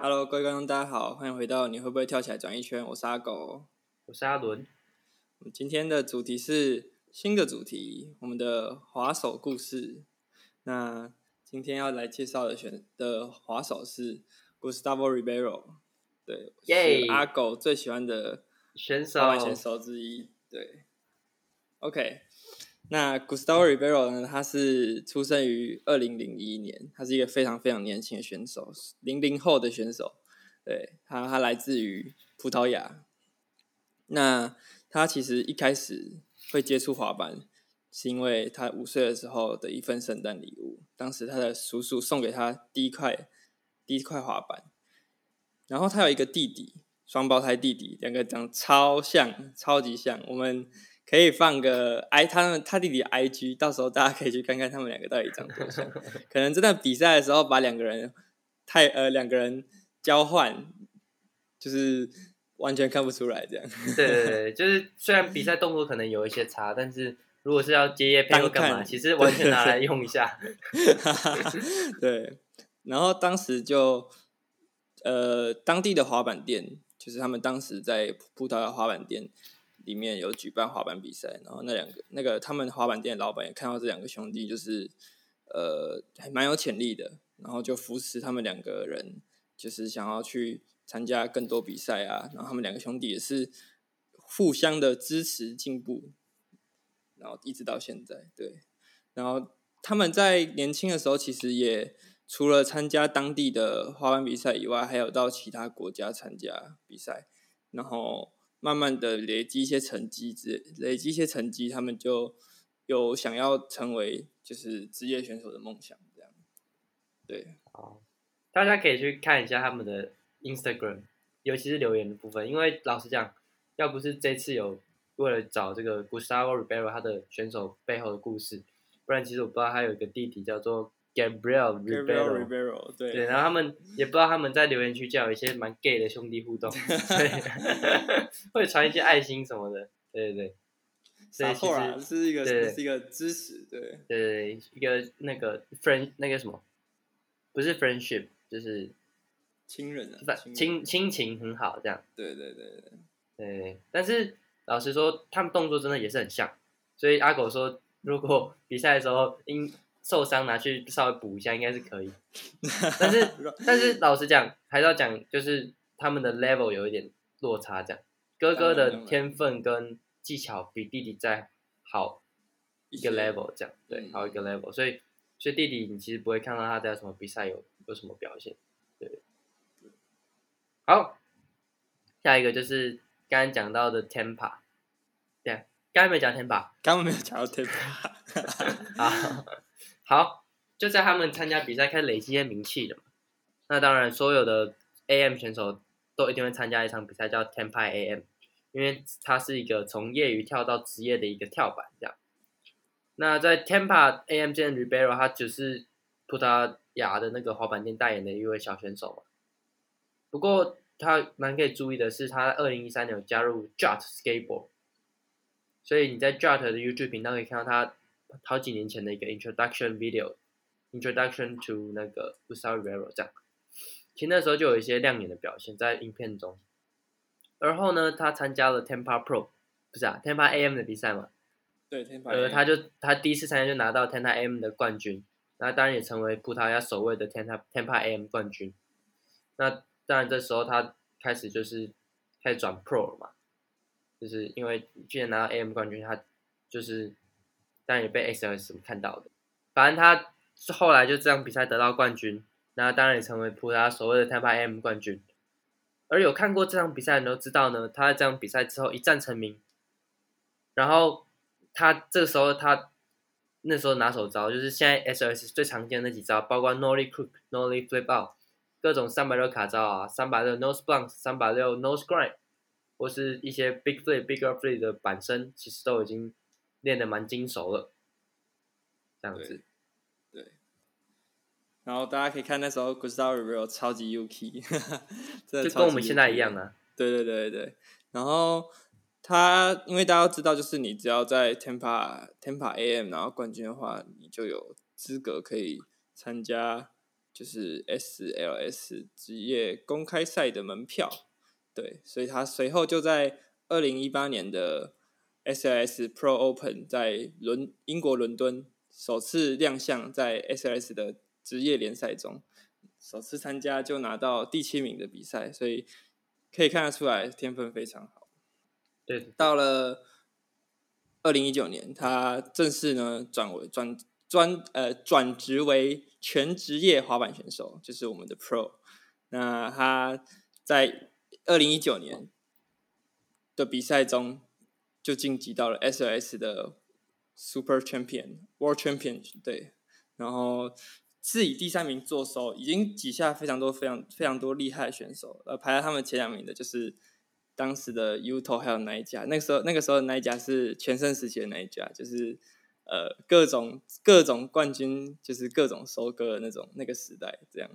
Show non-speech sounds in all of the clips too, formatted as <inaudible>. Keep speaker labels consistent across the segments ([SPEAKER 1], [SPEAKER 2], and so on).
[SPEAKER 1] Hello，各位觀眾，大家好，歡迎回到你會不會跳起來轉一圈？我是阿狗，我是阿倫。我們今天的主題是新的主題，我們的滑手故事。那今天要來介紹的選的滑手是 Gustavo Ribeiro，對，Yay! 是阿狗最喜歡的選手之一。選手對，OK。那 Gustavo Ribeiro 呢？他是出生於二零零一年，他是一個非常非常年輕的選手，零零後的選手。對，他他來自於葡萄牙。那他其實一開始會接觸滑板，是因為他五歲的時候的一份聖誕禮物，當時他的叔叔送給他第一塊第一塊滑板。然後他有一個弟弟，雙胞胎弟弟，兩個長得超像，超級像。我們。可以放個 i，他們他弟弟 IG，到時候大家可以去看看他們兩個到底長多像。 <laughs> 可能真的比賽的時候把兩個人太呃兩個人交換，就是完全看不出來這樣。對對對，就是雖然比賽動作可能有一些差， <laughs> 但是如果是要接業配合幹嘛，探其實完全拿來用一下。對，對，對， <laughs> <laughs> 對，然後當時就呃當地的滑板店，就是他們當時在葡萄牙滑板店。裡面有舉辦滑板比賽，然後那兩個那個他們的滑板店的老板也看到這兩個兄弟就是，呃，還蠻有潛力的，然後就扶持他們兩個人，就是想要去參加更多比賽啊。然後他們兩個兄弟也是互相的支持進步，然後一直到現在，對。然後他們在年輕的時候其實也除了參加當地的滑板比賽以外，還有到其他國家參加比賽，然後。慢慢的累積一些成績，之累積一些成績，他們就有想要成為就是職業選手的夢想，這樣。
[SPEAKER 2] 對，好，大家可以去看一下他們的 Instagram，尤其是留言的部分，因為老實講，要不是這次有為了找這個 Gustavo Ribeiro 他的選手背後的故事，不然其實我不知道他有一個弟弟叫做。Gabriel Ribeiro，對，對然後他們 <laughs> 也不知道他們在留言區叫一些蠻 gay 的兄弟互動，對， <laughs> <laughs> 會傳一些愛心什麼的，對對對，所以其實是一個是一個支持，對對對，一個那個 friend 那個什麼，不是 friendship，就是親人、啊，親親不親情很好這樣，對
[SPEAKER 1] 對對對
[SPEAKER 2] 對，但是老實說，他們動作真的也是很像，所以阿狗說如果比賽的時候因受傷拿去稍微補一下應該是可以， <laughs> 但是但是老實講還是要講，就是他們的 level 有一點落差這樣，哥哥的天分跟技巧比弟弟再好一個 level 這樣，下對，嗯、好一個 level，所以所以弟弟你其實不會看到他在什麼比賽有有什麼表現，對。好，下一個就是剛剛講到的 Temper，對，剛沒講 Temper，剛沒有講到 Temper，啊。 <laughs> <laughs> 好，就在他們參加比賽，開始累積一些名氣的嘛。那當然，所有的 AM 選手都一定會參加一場比賽叫 Tampa AM，因為它是一個從業餘跳到職業的一個跳板，這樣。那在 Tampa AM 這邊 Ribeiro 他就是葡萄牙的那個滑板店代言的一位小選手嘛。不過他蠻可以注意的是，他二零一三年有加入 Jut Skateboard，所以你在 Jut 的 YouTube 頻道可以看到他。好幾年前的一個 introdu video, introduction video，introduction to 那個 Gustavo Ribeiro 這樣，其實那時候就有一些亮眼的表現在影片中，而後呢，他參加了 Tampa Pro，不是啊，Tampa A M 的比賽嘛，對
[SPEAKER 1] ，Tampa，呃，他就
[SPEAKER 2] 他第一次參加就拿到 Tampa A M 的冠軍，那當然也成為葡萄牙首位的 Tampa Tampa A M 冠軍，那當然這時候他開始就是開始轉 Pro 了嘛，就是因為去年拿到 A M 冠軍，他就是。但也被 SLS 看到了，反正他後來就這樣比賽得到冠軍，那當然也成為葡萄牙所謂的 Tampa Am 冠軍。而有看過這場比賽的人都知道呢。他在這場比賽之後一戰成名，然後他這個時候他那時候拿手招就是現在 SLS 最常見的那幾招，包括 Nollie Cook、Nollie Flip Out、各種三百六卡招啊，三百六 Nose Blunt、三百六 Nose Grind 或是一些 Big Flip、Bigger Flip 的板身，其實都已經。練的蠻精
[SPEAKER 1] 熟了，這樣子對，
[SPEAKER 2] 對。然後
[SPEAKER 1] 大家可以看那時候 Gustavo 超級 UK，就跟我們現在一樣啊。對對對對。然後他，因為大家都知道，就是你只要在 Tampa Tampa AM，然後冠軍的話，你就有資格可以參加，就是 SLS 職業公開賽的門票。對，所以他隨後就在二零一八年的。SLS Pro Open 在倫英國倫敦首次亮相，在在 SLS 的職業聯賽中首次參加就拿到第七名的比賽，所以可以看得出來天分非常好。對，到了二零一九年，他正式呢轉為轉專呃轉職為全職業滑板選手，就是我們的 Pro。那他在二零一九年的比賽中，就晉級到了 SLS 的 Super Champion World Champion，對，然後是以第三名做收，已經擠下非常多非常、非常非常多厲害的選手，呃，排在他們前兩名的就是當時的 Yuto 還有奈佳，那個時候那個時候奈佳是全盛時期的奈佳，就是呃各種各種冠軍，就是各種收割的那種那個時代，這樣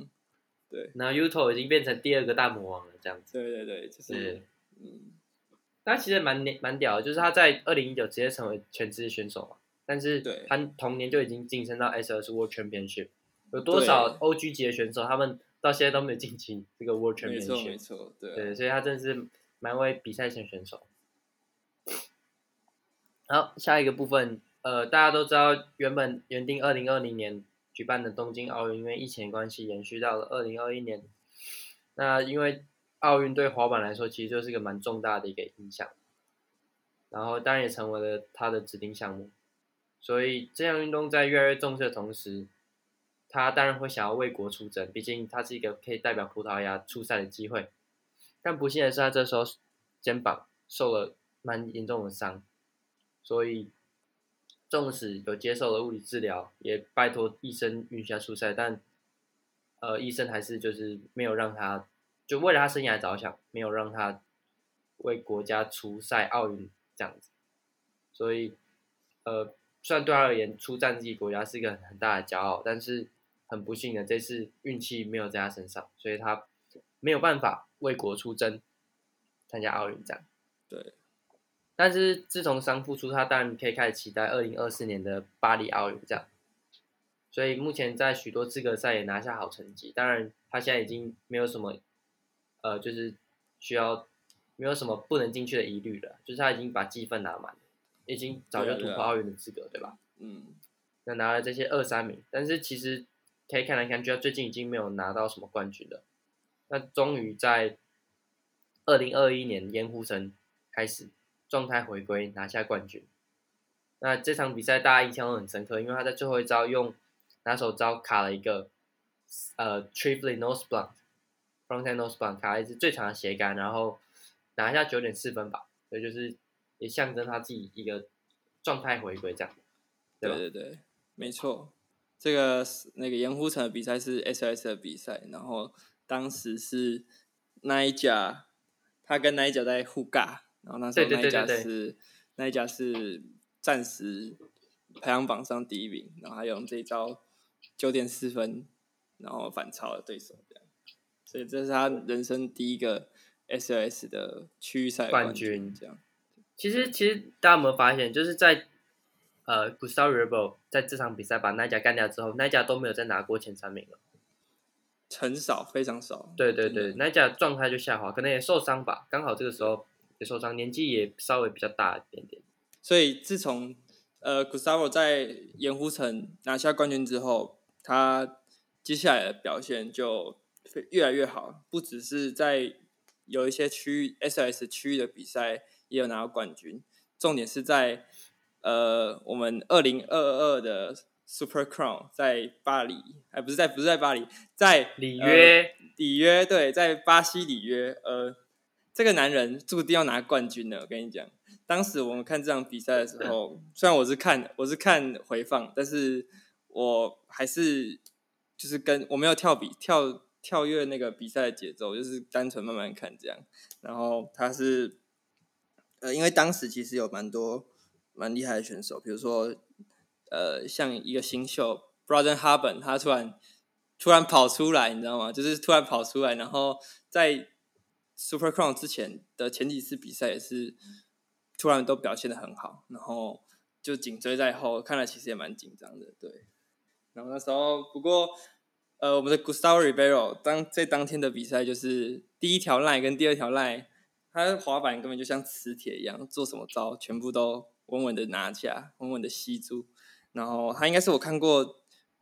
[SPEAKER 1] 對，
[SPEAKER 2] 那 Yuto 已經變成第二個大魔王了，這樣子，對對對，就是嗯。是那其實蠻蠻屌的，就是他在二零一九直接成為全職選手嘛，但是他同年就已經晉升到 SLS World Championship，有多少 OG 級的選手，他們到現在都沒有晉級這個 World Championship，沒錯沒錯，對，對所以他真的是蠻為比賽型選手。 <laughs> 好，下一個部分，呃，大家都知道，原本原定二零二零年舉辦的東京奧運，因為疫情關係延續到了二零二一年，那因為。奧運對滑板來說其實就是一個蠻重大的一個影響，然後當然也成為了他的指定項目，所以這項運動在越來越重視的同時，他當然會想要為國出征，畢竟他是一個可以代表葡萄牙出賽的機會。但不幸的是，他這時候肩膀受了蠻嚴重的傷，所以縱使有接受了物理治療，也拜託醫生允許他出賽，但呃醫生還是就是沒有讓他。就為了他生涯着想沒有讓他為國家出賽奧運這樣子，所以呃，算對他而言出戰自己國家是一個很大的驕傲，但是很不幸的這次運氣沒有在他身上，所以他沒有辦法為國出征參加奧運這樣。對。但是自從傷復出，他當然可以開始期待二零二四年的巴黎奧運這樣。所以目前在許多資格賽也拿下好成績，當然他現在已經沒有什麼。呃，就是需要沒有什麼不能進去的疑慮了，就是他已經把積分拿滿，已經早就突破奧運的資格，嗯對，啊對，啊、對吧？嗯。那拿了這些二三名，但是其實可以看來看，覺得最近已經沒有拿到什麼冠軍了。那終於在二零二一年鹽湖城開始狀態回歸，拿下冠軍。那這場比賽大家印象都很深刻，因為他在最後一招用拿手招卡了一個呃 triple nose blunt。b r o n c 卡還是最長的斜桿，然後
[SPEAKER 1] 拿下九點四分吧，所以就是也象徵他自己一個狀態回歸這樣。
[SPEAKER 2] 對，對對對，
[SPEAKER 1] 沒錯。這個那個鹽湖城的比賽是 SLS 的比賽，然後當時是 Nyjah，他跟 Nyjah 在互尬，然後那時候 Nyjah 是 Nyjah 是暫時排行榜上第一名，然後他用這一招九點四分，然後反超了對手。對對，這是他人生第一個 SLS 的區域賽冠軍。冠軍這樣，其實其實大家有沒有發現，就是在
[SPEAKER 2] 呃 Gustavo Riebeiro 在這場比賽把 Nyjah 幹掉之後 Nyjah 都沒有再拿過前三名了，很少，非常少。對對對 Nyjah 狀態就下滑，可能也受傷吧。剛好這
[SPEAKER 1] 個時候也受傷，年紀也稍微比較大一點點。所以自從呃 Gustavo 在鹽湖城拿下冠軍之後，他接下來的表現就。越來越好，不只是在有一些區域 SLS 區域的比賽也有拿到冠軍。重點是在呃，我們二零二二的 Super Crown 在巴黎，哎，不是在不是在巴黎，在里約，里、呃、約，對，在巴西里約。呃，這個男人注定要拿冠軍了，我跟你講。當時我們看這場比賽的時候，雖然我是看我是看回放，但是我還是就是跟我沒有跳比，跳。跳躍那個比賽的節奏，就是單純慢慢看這樣。然後他是，呃，因為當時其實有蠻多蠻厲害的選手，比如說，呃，像一個新秀 Braden Hoban，他突然突然跑出來，你知道嗎？就是突然跑出來，然後在 Super Crown 之前的前幾次比賽也是突然都表現得很好，然後就緊追在後，看來其實也蠻緊張的。對，然後那時候不過。呃，我們的 Gustavo Riebeiro 當在當天的比賽，就是第一條 line 跟第二條 line，他滑板根本就像磁鐵一樣，做什麼招全部都穩穩的拿起來，穩穩的吸住。然後他應該是我看過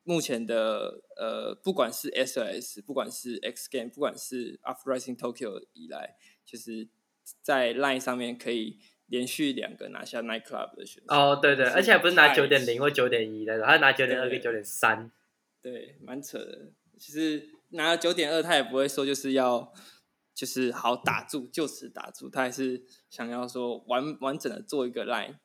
[SPEAKER 1] 目前的，呃，不管是 SLS，不管是 X Game，不管是 Uprising Tokyo 以來，就是在 line 上面可以連續兩個拿下 Nine Club 的選手。哦，對對，是而且還不是拿九點零或九點一的，他是拿九點二跟九點三。對，蠻扯的。其實拿了九點二，他也不會說就是要，就是好打住，就此打住。他還是想要說完完整的做一個 line，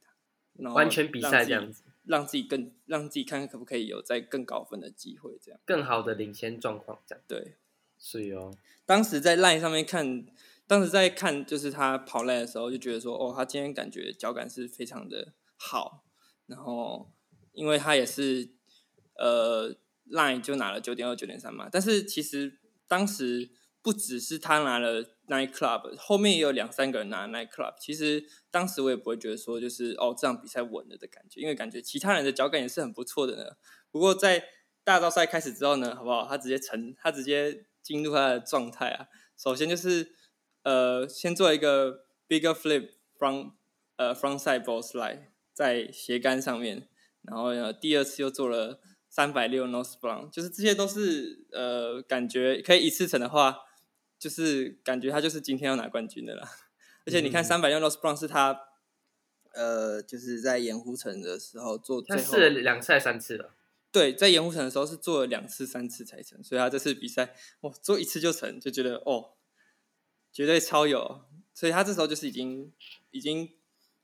[SPEAKER 1] 然後完全比賽這樣子，讓自己更讓自己看看可不可以有再更高分的機會，這樣更好的領先狀況這樣。對，
[SPEAKER 2] 所以哦，
[SPEAKER 1] 當時在 line 上面看，當時在看就是他跑 line 的時候，就覺得說哦，他今天感覺腳感是非常的好。然後，因為他也是呃。line 就拿了九點二九點三嘛，但是其實當時不只是他拿了 nine club，後面也有兩三個人拿了 nine club。其實當時我也不會覺得說就是哦，這場比賽穩了的感覺，因為感覺其他人的腳感也是很不錯的呢。不過在大招賽開始之後呢，好不好？他直接成，他直接進入他的狀態啊。首先就是呃，先做一個 big flip front 呃 front side board slide 在斜桿上面，然後呢、呃、第二次又做了。三百六 noseblunt 就是這些都是呃，感覺可以一次成的話，就是感覺他就是今天要拿冠軍的啦。嗯、而且你看，三百六 noseblunt 是他呃，就是在鹽湖城的時候做最後兩次還是三次了？對，在鹽湖城的時候是做了兩次、三次才成，所以他這次比賽哇，做一次就成，就覺得哦，絕對超有。所以他這時候就是已經已經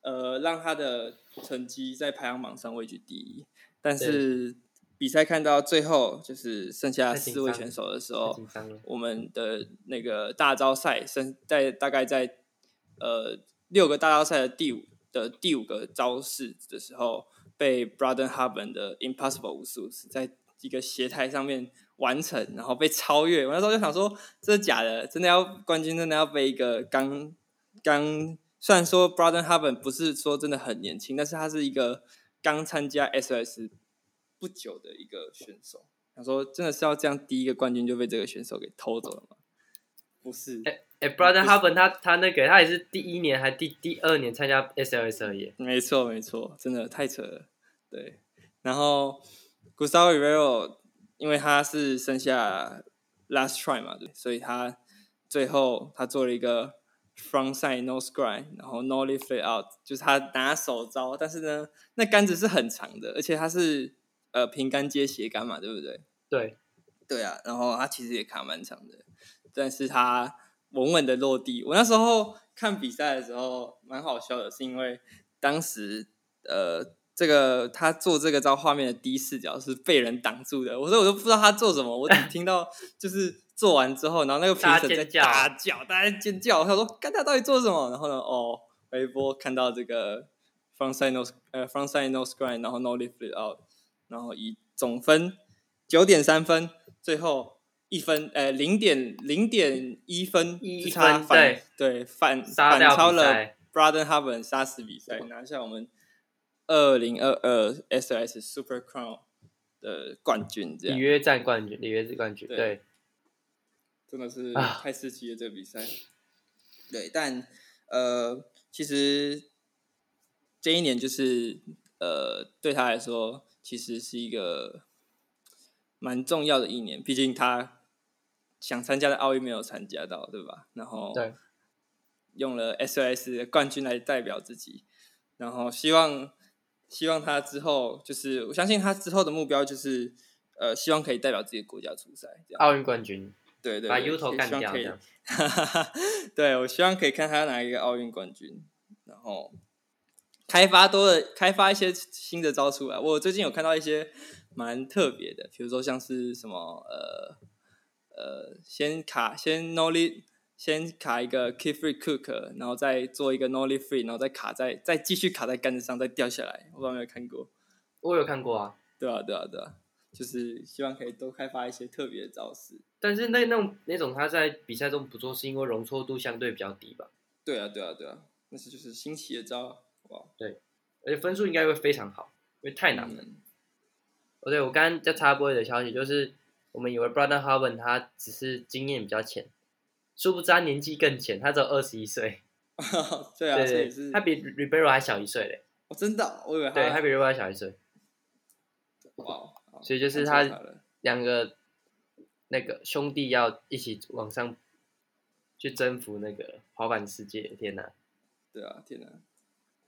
[SPEAKER 1] 呃，讓他的成績在排行榜上位居第一，但是。比賽看到最後，就是剩下四位選手的時候，我們的那個大招賽，在大概在呃六個大招賽的第五的第五個招式的時候，被 Brother Haven 的 Impossible 武術是在一個斜台上面完成，然後被超越。我那時候就想說，真的假的？真的要冠軍？真的要被一個剛剛雖然說 Brother Haven 不是說真的很年輕，但是他是一個剛參加 SLS。不久的一個選手，他說：“真的是要這樣，第一個冠軍就被這個選手給偷走了嗎？”不是，哎哎、欸欸、是，Brother Haven，
[SPEAKER 2] 他他那個他也是
[SPEAKER 1] 第一年還第第二年參加 SLS 而已。沒錯沒錯，真的太扯了，對。然後 Gustavo Riebeiro，因為他是剩下 Last Try 嘛，對，所以他最後他做了一個 Frontside Nosegrind，然後 Nollie Flip Out，就是他拿手招，但是呢，
[SPEAKER 2] 那杆子是很
[SPEAKER 1] 長的，而且他是。呃，平桿接斜桿嘛，對不對？對，對啊。然後他其實也卡蠻長的，但是他穩穩的落地。我那時候看比賽的時候蠻好笑的，是因為當時呃，這個他做這個招畫面的第一視角是被人擋住的，我說我都不知道他做什麼。我只聽到就是做完之後， <laughs> 然後那個評審在大叫，大、叫大家尖叫，他說：“幹他到底做什麼？”然後呢，哦，回播看到這個，frontside nose，呃，frontside nose grind，然後 nollie flip out。然後以總分九點三分，最後一分，呃，零點零點一分之差反對反三小 反超了 Brother Haven，殺死比賽，拿下我們二零二二 SLS Super Crown 的冠軍，這樣，里約
[SPEAKER 2] 站冠軍，里約站冠
[SPEAKER 1] 軍，對，對 <laughs> 真的是太刺激了這個比賽。對，但呃，其實這一年就是呃，對他來說。其實是一個蠻重要的一年，畢竟他想參加的奧運沒有參加到，對吧？然後用了 SOS 冠軍來代表自己，然後希望希望他之後就是，我相信他之後的目標就是，呃，希望可以代表自己的國家出賽，奧運冠軍，對對，把 U 頭幹掉，樣 <laughs> 對，我希望可以看他拿一個奧運冠軍，然後。開發多的開發一些新的招出來。我最近有看到一些蠻特別的，比如說像是什麼呃呃，先卡先 nollie 先卡一個 key free cook，然後再做一個 nollie free，然後再卡在再繼續卡在桿子上，再掉下來。我不知道有沒有看過？我有看過啊，啊。對啊，對啊，對啊，就是希望可以多開發一些特別的招
[SPEAKER 2] 式。但是那那種那種他在比賽中不做是因為容錯度相對比較低吧？對啊，對啊，對啊，
[SPEAKER 1] 那是就是新奇的招。
[SPEAKER 2] Wow. 對，而且分數應該會非常好，因為太難了。哦、嗯，oh, 對，我剛剛在插播一個消息，就是我們以為 Brother Harbin 他只是經驗比較淺，殊不知他年紀更淺，他只有二十一歲。 <laughs> 對啊，對，對，對，他比 Riebeiro 還小一歲嘞。我、oh, 真的，我以為對，他比 Riebeiro 還小一歲。哇，Wow,
[SPEAKER 1] 所以就是他
[SPEAKER 2] 兩個那個兄弟要一起往上去征服那個滑板世界，天哪！對啊，天哪！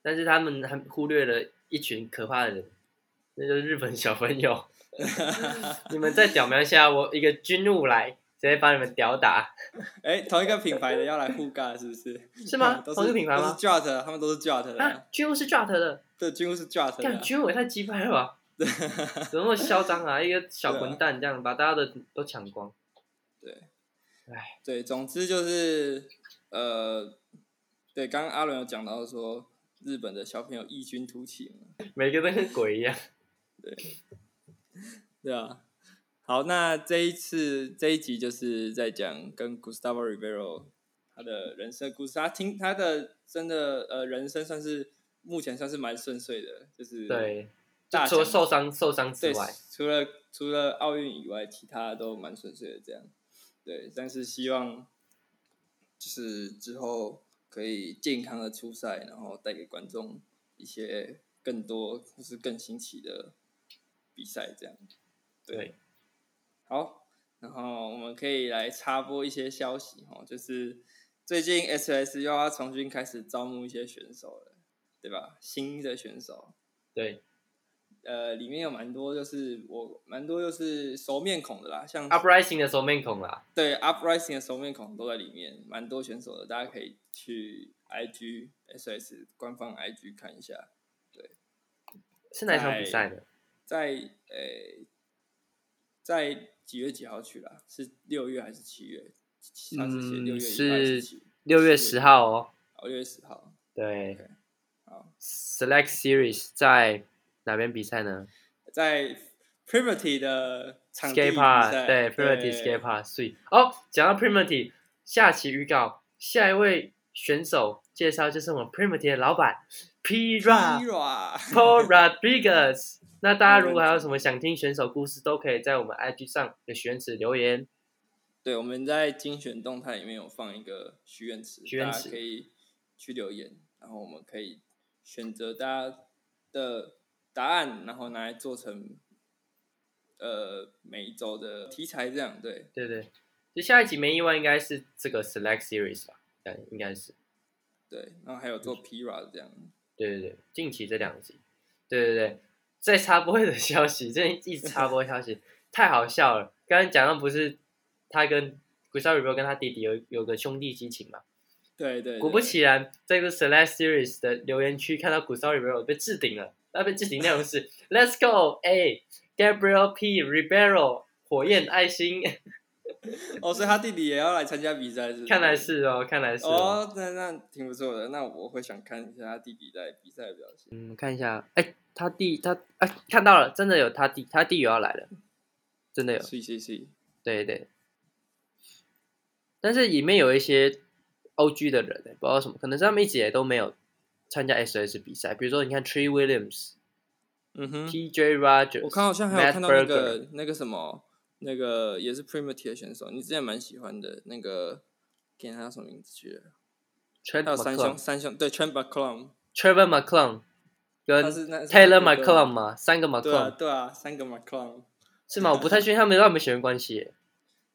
[SPEAKER 2] 但是他們還忽略了一群可怕的人，那就是日本小朋友。
[SPEAKER 1] <laughs> <laughs>
[SPEAKER 2] 你們再表明一下，我一個軍務
[SPEAKER 1] 來直接把你們吊打。哎、欸，同一個品牌的要來互尬是不是？ <laughs> 是嗎？是同一個品牌嗎？是 Jart，他們都是 Jart 的、啊啊。
[SPEAKER 2] 軍務是 Jart 的。
[SPEAKER 1] 對，軍務是 Jart、啊。但軍務也太
[SPEAKER 2] 雞巴了吧？ <laughs> 怎麼那麼囂張啊？一個小混蛋這樣、啊、把大家的都搶光。
[SPEAKER 1] 對，哎唉，對，總之就是呃，對，剛剛阿倫有講到說。日本的小朋友異軍突起，
[SPEAKER 2] 每個人都跟鬼
[SPEAKER 1] 一樣， <laughs> 對，對啊，好，那這一次這一集就是在講跟 Gustavo Riebeiro 他的人生故事，他聽他的真的呃人生算是目前算是蠻順遂的，就是大的對，就對，除了受傷受傷之外，除了除了奧運以外，其他都蠻順遂的這樣，對，但是希望就是之後。可以健康的出賽，然後帶給觀眾一些更多或是更新奇的比賽，這樣，對，對，好，然後我們可以來插播一些消息哦，就是最近 SLS 又要重新開始招募一些選手了，對吧？新的選手，對。呃，裡面有蠻多，就是我蠻多就是熟面孔的啦，像
[SPEAKER 2] Uprising 的熟面孔啦，
[SPEAKER 1] 對 Uprising 的熟面孔都在裡面，蠻多選手的，大家可以去 IG SS 官方 IG 看一下。對，是哪場比賽呢？在呃、欸，在幾月幾號去啦？是六月還是七月？
[SPEAKER 2] 嗯，是六月十號哦、
[SPEAKER 1] 喔，六月十號。
[SPEAKER 2] 對，okay, 好，Select Series 在。哪邊比賽呢？
[SPEAKER 1] 在 Primitive 的場地比賽。Skate Park, 對，Primitive Skate
[SPEAKER 2] Park Three。哦，講到 Primitive 下期預告，下一位選手介紹就是我們 Primitive 的老板 Pra, Pra, Paul Rodriguez
[SPEAKER 1] 那大家如果還有什麼想聽選手故事，都可以在我們 IG 上的許願池留言。對，我們在精選動態裡面有放一個許願池，許願池可以去留言，然後我們可以選擇大家的。答案，然後拿來做成，呃，每一周的題材這樣，對，對
[SPEAKER 2] 對，就下一集沒意外應該是這個 select series 吧，對，應該是，對，
[SPEAKER 1] 然後還有做 p r a 這樣，
[SPEAKER 2] 對對對，近期這兩集，對對對，再插播一個消息，這一直插播的消息， <laughs> 太好笑了，剛剛講到不是他跟 Gustavo Riebeiro 跟他弟弟有有個兄弟激情嘛，對，
[SPEAKER 1] 對對，果不其
[SPEAKER 2] 然，這個 select series 的留言區看到 Gustavo Riebeiro 被置頂了。被那邊字型內容是 <laughs> Let's go, a、欸、Gabriel P. Ribeiro 火焰愛心。 <laughs> 哦，
[SPEAKER 1] 所以他弟弟也要來參加比賽是，是不是？看來是
[SPEAKER 2] 哦，看來是哦。哦
[SPEAKER 1] 那那挺不錯的，那我會想看一下他弟弟在比賽的表現。
[SPEAKER 2] 嗯，看一下，哎、欸，他弟他哎、欸、看到了，真的有他弟，他弟也要來了，真的有。是是是。對對。但是裡面有一些 OG 的人，不知道什麼，可能是他們一直以來都沒有。參加 SS 比賽，比如說你看 Tree Williams，嗯
[SPEAKER 1] 哼，TJ Rogers，我看好像還有 Matt Berger 那個什麼，那個也是 Primitive 的選手，你之前蠻喜歡的那個，給他叫什麼名字去？叫三兄
[SPEAKER 2] 三兄，對，Trent McClung，Trevor McClung 跟 Taylor McClung 嘛，三個 McClung，對啊，三個
[SPEAKER 1] McClung，
[SPEAKER 2] 是嗎？我不太確定他們有沒有血緣關係，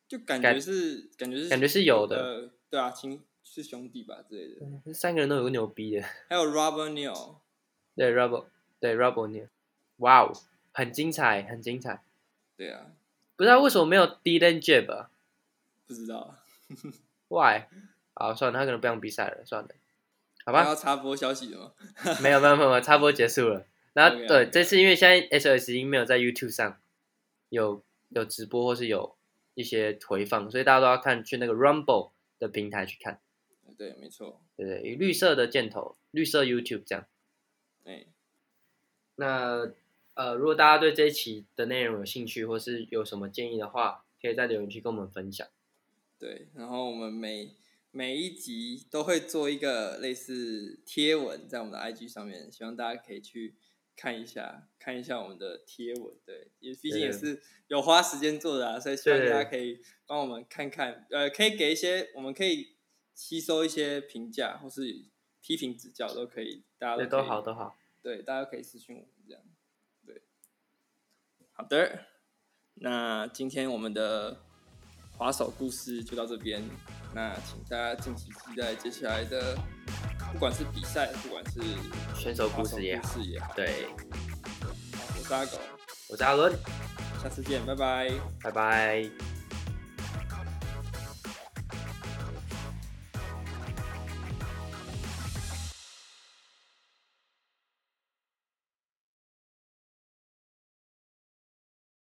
[SPEAKER 2] 就
[SPEAKER 1] 感覺是感覺是感覺是有的，對啊，親。是
[SPEAKER 2] 兄弟吧之類的，嗯、三個人都
[SPEAKER 1] 有
[SPEAKER 2] 個牛逼的，還有 Robert Neal 對 Robert 對 Robert Neal 哇哦，wow，很精彩，很精彩，對啊，不知道為什麼沒有 Dylan Jib，、啊、
[SPEAKER 1] 不知道
[SPEAKER 2] <laughs> ，Why？好，算了，他可能不想比賽了，算了，好吧。要插
[SPEAKER 1] 播消息嗎
[SPEAKER 2] <laughs> 沒有沒有沒有，插播結束了。然後對，呃、okay. 這次因為現在 SLS 已經沒有在 YouTube 上有有直播或是有一些回放，所以大家都要看去那個 Rumble 的平台去看。對，沒錯。對對，綠色的箭頭，綠色 YouTube 這樣。
[SPEAKER 1] 嗯。那
[SPEAKER 2] 呃，如果大家對這一期的內容有興趣，或是有什麽建議的話，可以在留言區跟我們
[SPEAKER 1] 分享。對，然後我們每每一集都會做一個類似貼文在我們的 IG 上面，希望大家可以去看一下，看一下我們的貼文。對，也畢竟也是有花時間做的啊，所以希望大家可以幫我們看看，對對。呃，可以給一些我們可以。吸收一些評價或是批評指教都可以，大家都好都好。都好對，大家可以私訊我這樣。對，好的，那今天我們的滑手故事就到這邊，那請大家敬請期,期待接下來的，不管是比賽，不管是手選手故事也好，對。我是阿狗，我是阿倫，下次見，拜拜，拜拜。